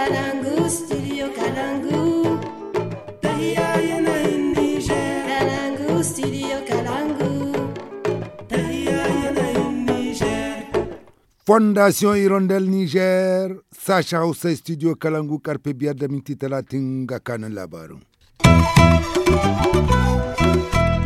Kalangu, studio Kalangu. Niger. Fondation Niger, Sacha Studio Kalangu karpe biyar da ga kanin labarin.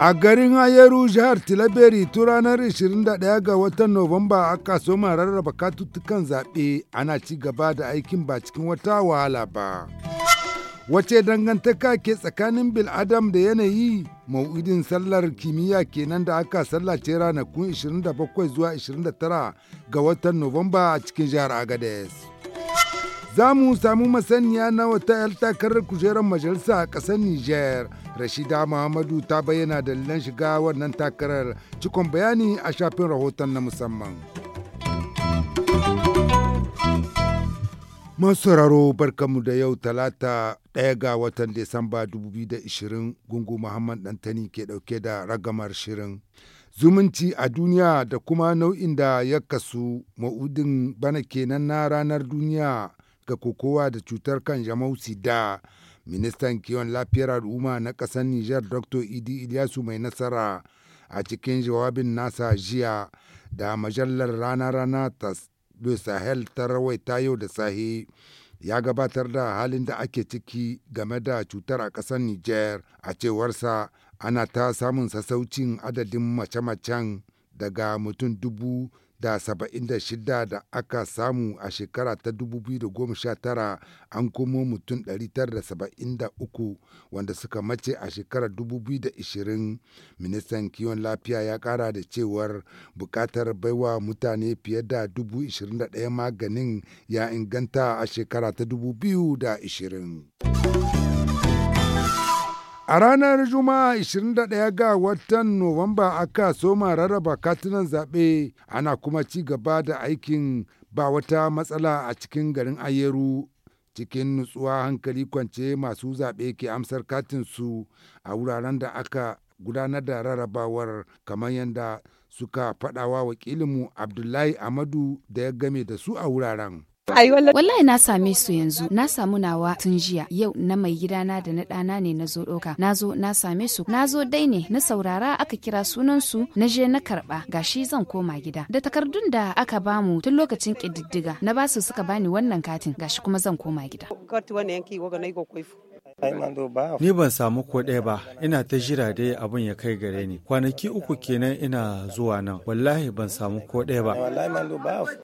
A garin Hayeru jihar Tilaberi tun ranar 21 ga watan Nuwamba aka soma rarraba katuttukan zaɓe ana ci gaba da aikin ba cikin wata wahala ba. Wace dangantaka ke tsakanin Bil'adam da yanayi mau'idin sallar kimiyya kenan da aka sallace ranakun 27 zuwa 29 ga watan Nuwamba a cikin jihar Agadez. Za mu samu masaniya na wata 'yar takarar kujerar majalisa a ƙasar Nijar. Rashida Muhammadu ta bayyana dalilan shiga wannan takarar cikon bayani a shafin rahoton na musamman. Masu sauraro barkamu da yau talata ɗaya ga watan Desamba 2020 gungu Muhammad Dantani ke ɗauke da ragamar shirin. Zumunci a duniya da kuma nau'in da ya kasu ma'udin bana kenan na ranar duniya ga kokowa da cutar kan kanjamau sida ministan kiwon lafiyar al'umma na ƙasar niger dr idi ilyasu mai nasara a cikin jawabin nasa jiya da majallar rana-rana ta sahel ta rawaita yau da sahi ya gabatar da halin da ake ciki game da cutar a ƙasar niger a cewarsa ana ta samun sassaucin adadin mace-macen daga mutum dubu da 76 da aka samu a shekara ta 2019 an komo mutum 973 wanda suka mace a shekara 2020 ministan kiwon lafiya ya kara da cewar bukatar baiwa mutane fiye da 21,000 maganin ya inganta a shekara ta 2020 A ranar Juma'a 21 ga watan Nuwamba aka soma rarraba katunan zaɓe ana kuma ci gaba da aikin ba wata matsala a cikin garin Ayeru cikin nutsuwa hankali kwance masu zaɓe ke amsar su a wuraren da aka gudanar da rarrabawar kamar yadda suka faɗawa wakilinmu Abdullahi Amadu da ya game da su a wuraren. Wallahi na same su yanzu, na samu nawa tun jiya, yau na mai gidana da na ɗana ne na zo ɗauka. Na zo na same su, na zo dai ne, na saurara aka kira sunansu na je na karɓa, gashi zan koma gida. Da takardun da aka bamu tun lokacin ƙididdiga, na ba su suka bani wannan katin, gashi kuma zan koma gida. Ni ban samu ko ɗaya ba, ina ta jira da abin ya kai gare ni. Kwanaki uku kenan ina zuwa nan, wallahi ban samu ko ɗaya ba.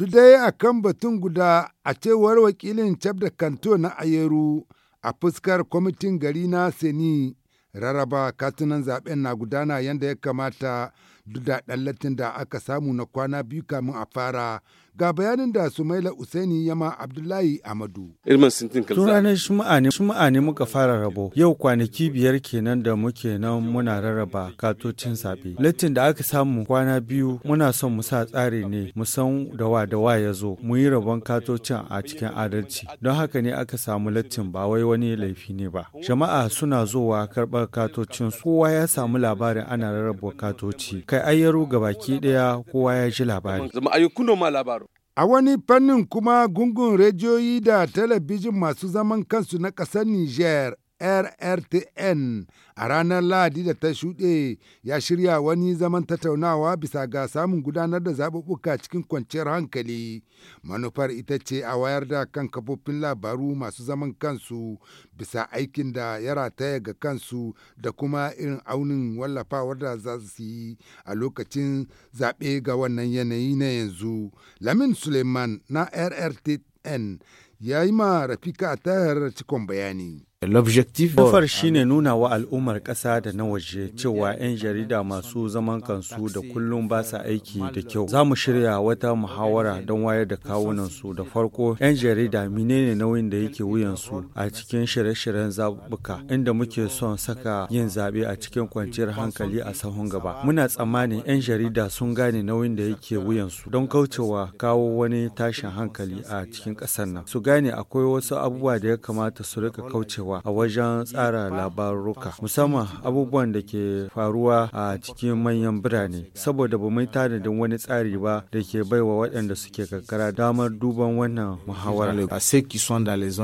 Duk dai a kan batun guda a cewar wakilin Cabda Kanto na Ayeru a fuskar kwamitin gari na Seni raraba katunan zaben na gudana yadda ya kamata duk da ɗan da aka samu na kwana biyu kamun a fara Ga bayanin da Sumaila Usaini Yama Abdullahi Amadu. Tun ranar ne shuma'a ne muka fara rabo. Yau kwanaki biyar kenan da muke nan muna rarraba katocin zaɓe. Littin da aka samu kwana biyu muna son mu sa tsari ne mu san da wa da wa ya zo mu yi rabon katocin a cikin adalci. Don haka ne aka samu littin ba wai wani laifi ne ba. Jama'a suna zowa karɓar katocin kowa ya samu labarin ana rarraba katoci. Kai ayyaro gabaki ɗaya kowa ya ji labari. Zama ayyukunan ma labaru. A wani fannin kuma gungun rediyoyi da talabijin masu zaman kansu na ƙasar Nijar rrtn a ranar lahadi da ta shuɗe ya shirya wani zaman tattaunawa bisa ga samun gudanar da zaɓuɓɓuka cikin kwanciyar hankali manufar ita ce a wayar da kan kafofin labaru masu zaman kansu bisa aikin da ya rataya ga kansu da kuma irin aunin wallafawar da za su yi a lokacin zaɓe ga wannan yanayi na yanzu lamin suleiman na rrtn ya yi ma rafika a tayar cikon bayani L'objectif Kafar shine nuna wa al'ummar ƙasa da na waje cewa 'yan jarida masu zaman kansu da kullum ba sa aiki da kyau. Za mu shirya wata muhawara don wayar da kawunansu da farko 'yan jarida menene nauyin da yake wuyansu a cikin shirye-shiryen zabuka inda muke son saka yin zaɓe a cikin kwanciyar hankali a sahun gaba. Muna tsammanin 'yan jarida sun gane nauyin da yake wuyansu don kaucewa kawo wani tashin hankali a cikin ƙasar nan. Su gane akwai wasu abubuwa da ya kamata su rika kaucewa a wajen tsara labaruka musamman abubuwan da ke faruwa a cikin manyan birane saboda ba mai tanadin wani tsari ba da ke baiwa waɗanda suke karkara damar duban wannan muhawara. a qui sont les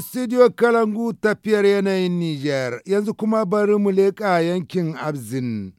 Studio Kalangu tafiyar yanayin Nijar, yanzu kuma bari mu leƙa yankin Abzin.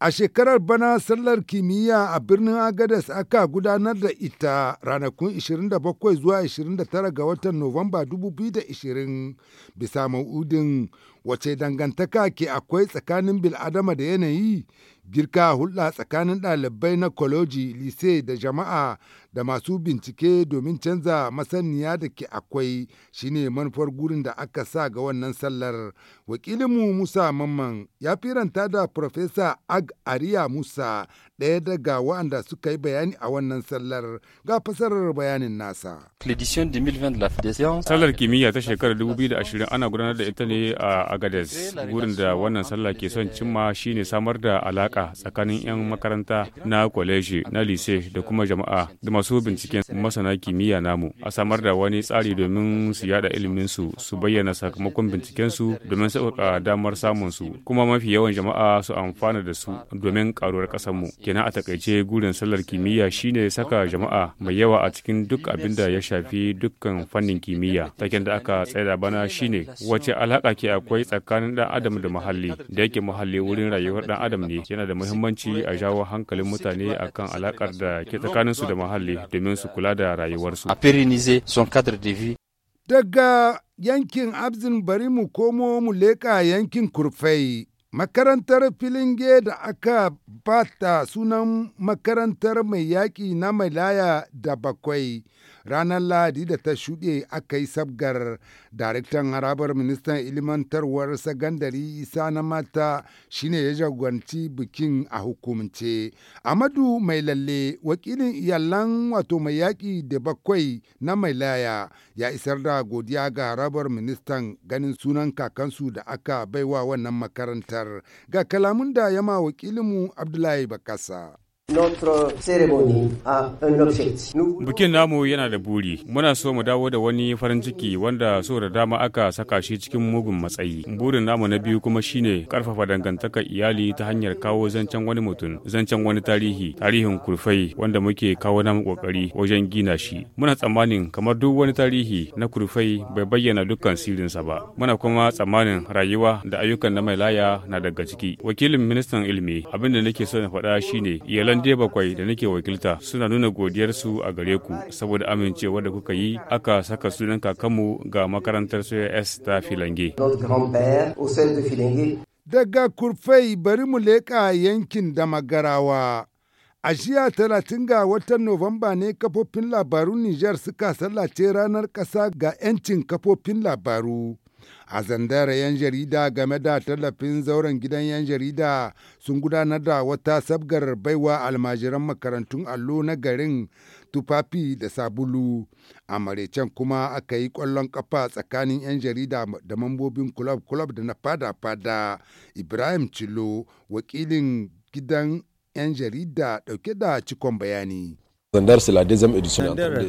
A shekarar bana sallar kimiyya a birnin Agadas aka gudanar da ita ranakun 27 zuwa 29 ga watan Nuwamba 2020 bisa ma'udin wace dangantaka ke akwai tsakanin bil'adama da yanayi girka hulɗa tsakanin ɗalibai na koloji, lise da jama'a da masu bincike domin canza masaniya da ke akwai shine manufar gurin da aka sa ga wannan sallar wakilinmu musa mamman ya firanta da profesa ag ariya musa daya daga waɗanda suka yi bayani a wannan sallar ga fasarar bayanin nasa. Sallar kimiyya ta shekarar 2020 ana gudanar da ita ne a Agades. Gurin da wannan sallar ke son cimma shine samar da alaka tsakanin 'yan makaranta na kwaleji na lise da kuma jama'a da masu binciken masana kimiyya namu. A samar da wani tsari domin su yada iliminsu su bayyana sakamakon bincikensu domin sauƙaƙa damar samunsu kuma mafi yawan jama'a su amfana da su domin ƙaruwar ƙasarmu. kenan a takaice gurin sallar kimiyya shine saka jama'a mai yawa a cikin duk abin da ya shafi dukkan fannin kimiyya taken da aka tsaya bana shine wace alaka ke akwai tsakanin dan adam da muhalli da yake muhalli wurin rayuwar dan adam ne yana da muhimmanci a jawo hankalin mutane akan alakar da ke tsakanin su da muhalli domin su kula da rayuwarsu daga yankin abzin bari mu komo mu leƙa yankin kurfai Makarantar Filinge da aka bata sunan makarantar mai yaƙi na Malaya da Bakwai. ranar lahadi da ta shuɗe aka yi sabgar daraktan harabar ministan ilimantarwar sagandari isa na mata shine ya jagoranci bikin a hukumance amadu mai lalle wakilin iyalan wato mai yaƙi da bakwai na mai laya ya isar da godiya ga harabar ministan ganin sunan kakansu da aka baiwa wannan makarantar ga kalamun da yama wakilinmu abdullahi bakasa Ah, Bikin namu yana da buri, muna so mu dawo da wani farin ciki wanda so da dama aka saka shi cikin mugun matsayi. Burin namu na biyu kuma shine karfafa dangantakar iyali ta hanyar kawo zancen wani mutum, zancen wani tarihi, tarihin kurfai wanda muke kawo namu kokari wajen gina shi. Muna tsammanin kamar duk wani tarihi na kurfai bai bayyana dukkan sirinsa ba. Muna kuma tsammanin rayuwa da ayyukan na mai laya na daga ciki. Wakilin ministan ilimi abinda nake so na faɗa shine iyalan da bakwai da nake wakilta suna nuna godiyarsu a gare ku saboda amincewa da kuka yi aka saka sunan kakanmu ga makarantar S ta Filange. Daga Kurfai bari mu leƙa yankin da magarawa. A jiya talatin ga watan Nuwamba ne kafofin labarun Nijar suka sallace ranar ƙasa ga 'yancin kafofin labaru. a zandara 'yan jarida game da tallafin zauren gidan 'yan jarida sun gudanar da wata sabgar baiwa almajiran makarantun allo na garin tufafi da sabulu a maraicen kuma aka yi kwallon kafa tsakanin 'yan jarida da mambobin kulob-kulob da na fada-fada ibrahim cilo wakilin gidan 'yan jarida dauke da cikon bayani Sandar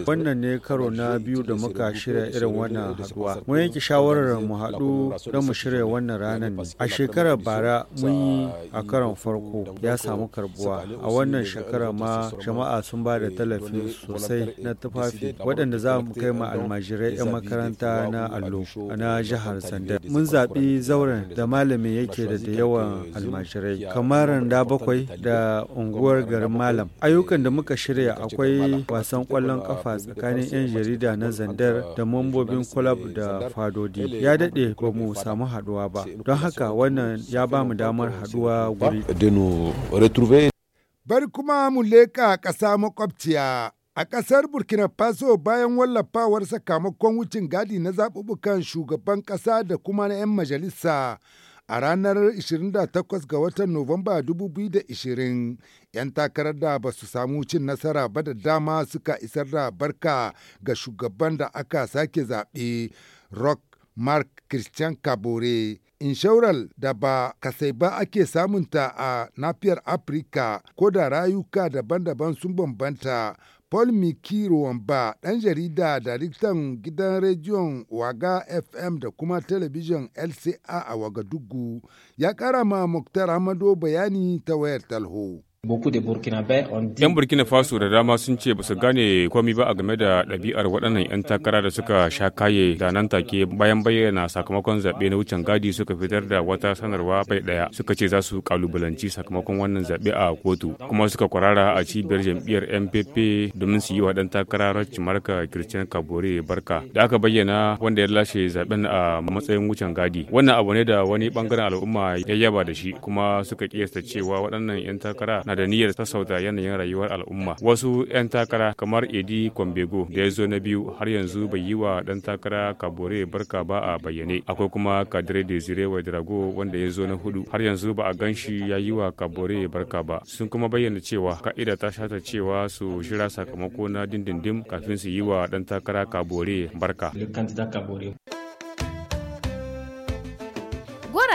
wannan ne karo na biyu da muka shirya irin wannan haduwa. Mun yanke shawarar mu haɗu don mu shirya wannan ranar ne. A shekarar bara mun yi a karon farko ya samu karbuwa. A wannan shekara ma jama'a sun ba da eh, tallafi sosai eh, na tufafi waɗanda za mu kai ma almajirai 'yan makaranta na allo na jihar zandar. Mun zaɓi zauren da malami yake da eh, da yawan almajirai kamar da bakwai da unguwar garin malam. Ayyukan da muka shirya a akwai wasan kwallon kafa tsakanin 'yan jarida na Zandar da mambobin kulab da fadodi. Ya daɗe ba mu samu haɗuwa ba, don haka wannan ya ba mu damar haɗuwa guri. Bari kuma mu leƙa ƙasa makwabciya. A ƙasar Burkina Faso bayan wallafawar sakamakon wucin gadi na zaɓuɓɓukan shugaban ƙasa da kuma na 'yan majalisa A ranar 28 ga watan Nuwamba 2020, 'yan takarar da ba su samu cin nasara ba da dama suka isar da barka ga shugaban da aka sake zaɓe Rock Mark Christian Kabore. Inshaural da ba kasai ba ake samunta a nafiyar Afirka ko da rayuka daban-daban sun bambanta Paul Mikiro ba ɗan jarida daraktan gidan rediyon Waga FM da kuma telebijin LCA a Wagadugu ya ƙara ma Muktar amado bayani ta wayar talho. 'Yan Burkina Faso da dama sun ce ba su gane komi ba a game da ɗabi'ar waɗannan 'yan takara da suka sha kaye da nan take bayan bayyana sakamakon zaɓe na wucin gadi suka fitar da wata sanarwa bai ɗaya suka ce za su kalubalanci sakamakon wannan zaɓe a kotu kuma suka kwarara a cibiyar jam'iyyar MPP domin su yi wa ɗan takara Racci Marka Christian Kabore Barka da aka bayyana wanda ya lashe zaɓen a matsayin wucin gadi. Wannan abu ne da wani bangaren al'umma ya yaba da shi kuma suka kiyasta cewa waɗannan 'yan takara na da niyyar sassauta yanayin rayuwar al'umma wasu 'yan takara kamar edi kwambego da ya zo na biyu har yanzu bai yi wa dan takara kabore barka ba a bayyane akwai kuma kadire desire wa drago wanda ya zo na hudu har yanzu ba a gan shi ya yi wa kabore barka ba sun kuma bayyana cewa ka'ida ta shata cewa su shirya sakamako na dindindim kafin su yi wa dan takara kabore barka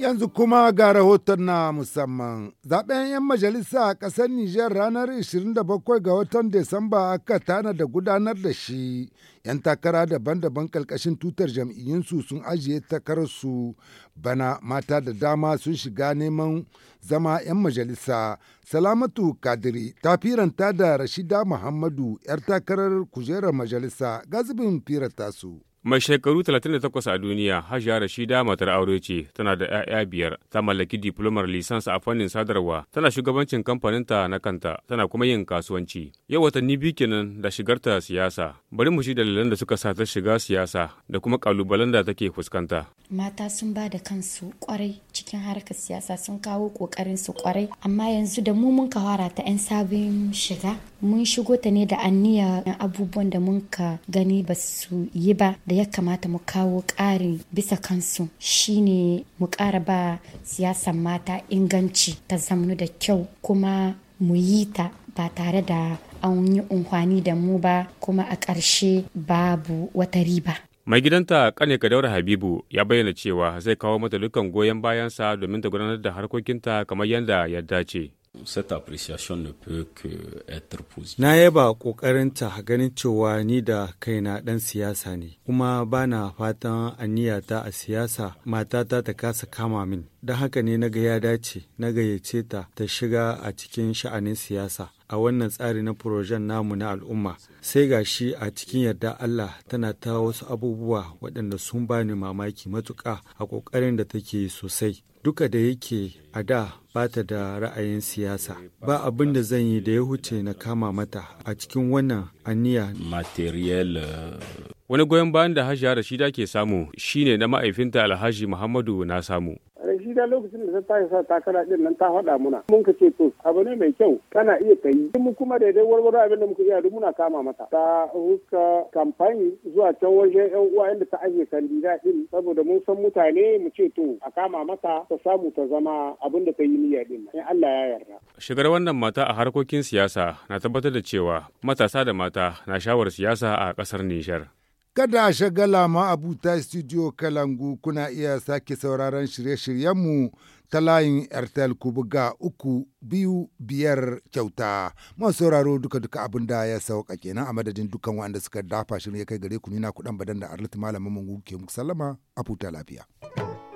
Yanzu kuma ga rahoton na musamman. Zaben 'yan majalisa a ƙasar Nijar ranar 27 ga watan Desamba aka tana da gudanar da shi. 'Yan takara daban-daban ƙarƙashin tutar jam'iyyunsu sun ajiye takararsu bana mata da dama sun shiga neman zama 'yan majalisa. Salamatu Kadiri ta firanta da Rashida Muhammadu 'yar takarar kujerar majalisa gazibin firanta su. Mai shekaru 38 a duniya, Hajiya Rashida matar aure ce, tana da 'ya'ya biyar, ta mallaki diplomar lisansa a fannin sadarwa, tana shugabancin kamfaninta na kanta, tana kuma yin kasuwanci. Yau watanni biyu kenan da shigarta siyasa. Bari mu shi dalilan da suka sa ta shiga siyasa da kuma kalubalen da take fuskanta. Mata sun ba da kansu kwarai cikin harkar siyasa sun kawo kokarin su kwarai, amma yanzu da mu mun kawara ta 'yan sabon shiga mun shigo ta ne da anniya abubuwan da mun ka gani ba su yi ba da ya kamata mu kawo ƙarin bisa kansu shine mu ƙara ba siyasan mata inganci ta zamanu da kyau kuma mu yi ta ba tare da an yi unhwani da mu ba kuma a ƙarshe babu wata riba. mai gidanta kane daura habibu ya bayyana cewa zai kawo mata dukkan goyon bayansa domin ta gudanar da harkokinta kamar yadda ya dace Na yaba ta ganin cewa ni da kaina ɗan siyasa ne, kuma ba na fatan aniyata a siyasa matata ta kasa kama min. Don haka ne naga ya dace, na gayyace ta ta shiga a cikin sha'anin siyasa. a wannan tsari na furojen namu na al'umma sai ga shi a cikin yarda Allah tana ta wasu abubuwa waɗanda sun bani mamaki matuƙa a ƙoƙarin da take sosai duka da yake a da ba ta da ra'ayin siyasa ba abin da zan yi da ya huce na kama mata a cikin wannan aniya material uh, wani goyon bayan da hajiya rashida ke samu shine na ma'aifinta alhaji muhammadu na samu gida lokacin da ta sa takara din nan ta faɗa muna mun ka ce to abu ne mai kyau kana iya ka yi mu kuma daidai warware abin da muka iya duk muna kama mata ta huska kamfani zuwa can waje yan uwa inda ta ajiye kandida din saboda mun san mutane mu ce to a kama mata ta samu ta zama abin da ta yi niyya din in Allah ya yarda shigar wannan mata a harkokin siyasa na tabbatar da cewa matasa da mata na shawar siyasa a kasar Nijar Kada a shagala abuta studio Kalangu kuna iya sake sauraron shirye-shiryenmu ta layin Airtel ku buga uku biyu biyar kyauta. Masu sauraro duka-duka abin da ya sauka kenan a madadin dukan waɗanda suka dafa shirin ya kai gare ku nina kuɗan badan da Arlit Malamin Mungu ke muku sallama a lafiya.